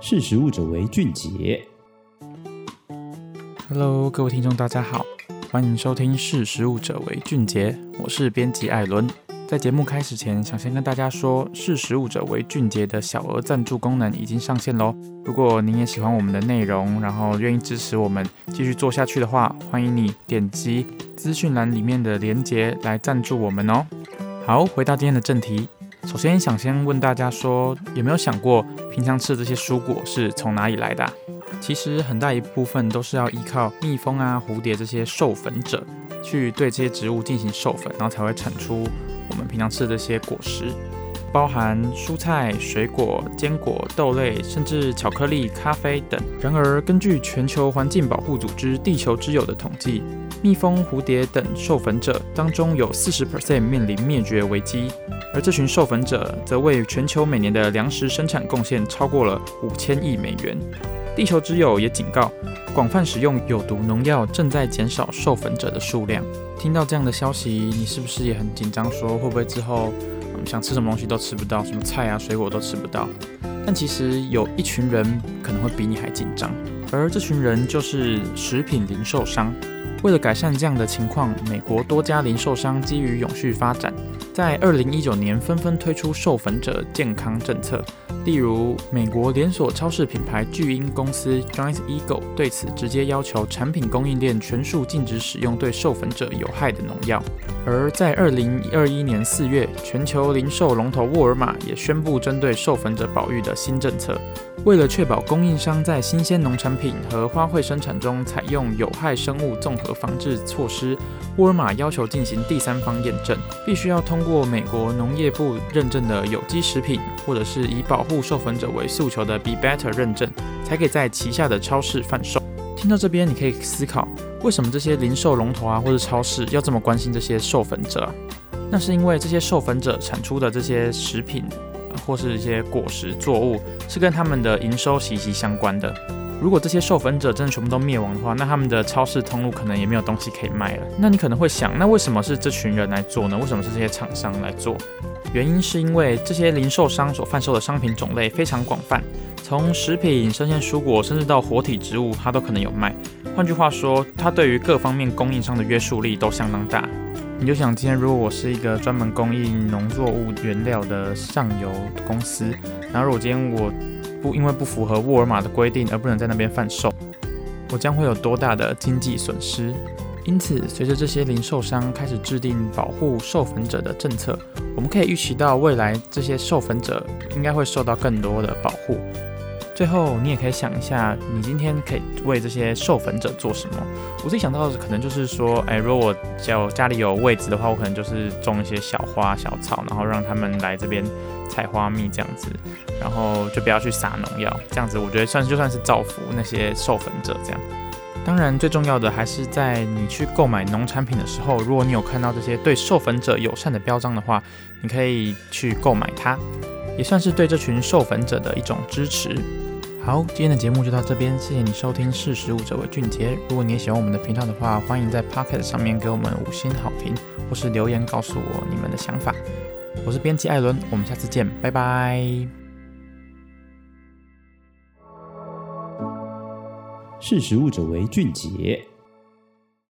識時務者為俊傑。Hello，各位聽眾，大家好，歡迎收聽《識時務者為俊傑》，我是編輯艾倫。在節目開始前，想先跟大家說，《識時務者為俊傑》的小額贊助功能已經上線嘍！如果您也喜歡我們的內容，然後願意支持我們繼續做下去的話，歡迎你點擊資訊欄裡面的連結來贊助我們哦。好，回到今天的正題。首先想先問大家說，有沒有想過平常吃的這些蔬果是從哪裡來的啊？其實很大一部分都是要依靠蜜蜂啊、蝴蝶這些授粉者，去對這些植物進行授粉，然後才會產出我們平常吃的這些果實，包含蔬菜、水果、堅果、豆類，甚至巧克力、咖啡等。然而，根據全球環境保護組織地球之友的統計，蜜蜂、蝴蝶等授粉者當中有四十 percent 面臨滅絕危機，而這群授粉者則為全球每年的糧食生產貢獻超過了五千億美元。地球之友也警告，廣泛使用有毒農藥正在減少授粉者的數量。聽到這樣的消息，你是不是也很緊張？說會不會之後、嗯、想吃什麼東西都吃不到，什麼菜啊、水果都吃不到？但其實有一群人可能會比你還緊張，而這群人就是食品零售商。為了改善這樣的情況，美國多家零售商基於永續發展，在二零一九年，紛紛推出授粉者健康政策，例如美國連鎖超市品牌巨鷹公司 Giant Eagle 對此直接要求產品供應鏈全數禁止使用對授粉者有害的農藥。而在二零二一年四月，全球零售龍頭沃爾瑪也宣布針對授粉者保育的新政策，為了確保供應商在新鮮農產品和花卉生產中採用有害生物綜合防治措施，沃爾瑪要求進行第三方驗證，必須要通過過美國農業部認證的有機食品，或者是以保護授粉者為訴求的 Be Better 認證，才可以在旗下的超市販售。聽到這邊，你可以思考，為什麼這些零售龍頭啊，或是超市要這麼關心這些授粉者啊？那是因為這些授粉者產出的這些食品，或是一些果實作物，是跟他們的營收息息相關的。如果這些授粉者真的全部都滅亡的話，那他們的超市通路可能也沒有東西可以賣了。那你可能會想，那為什麼是這群人來做呢？為什麼是這些廠商來做？原因是因為這些零售商所販售的商品種類非常廣泛，從食品、生鮮、蔬果，甚至到活體植物，它都可能有賣。換句話說，它對於各方面供應商的約束力都相當大。你就想，今天如果我是一個專門供應農作物原料的上游公司，然後如果今天我。不因為不符合沃爾瑪的規定而不能在那邊販售，我將會有多大的經濟損失？因此，隨着這些零售商開始製定保護授粉者的政策，我們可以預期到未來這些授粉者應該會受到更多的保護。最後，你也可以想一下，你今天可以為這些授粉者做什麼？我自己想到的可能就是說，誒，如果我家裡有位置的話，我可能就是種一些小花小草，然後讓他們來這邊採花蜜這樣子，然後就不要去撒農藥，這樣子我覺得算就算是造福那些授粉者這樣。當然，最重要的還是在你去購買農產品的時候，如果你有看到這些對授粉者友善的標章的話，你可以去購買它。也算是對這群受粉者的一種支持，好，今天的節目就到這邊，謝謝你收聽。識時務者為俊傑，如果你也喜歡我們的頻道的話，歡迎在 Pocket 上面給我們五星好評，或是留言告訴我你們的想法。我是編輯艾倫，我們下次見，拜拜。識時務者為俊傑。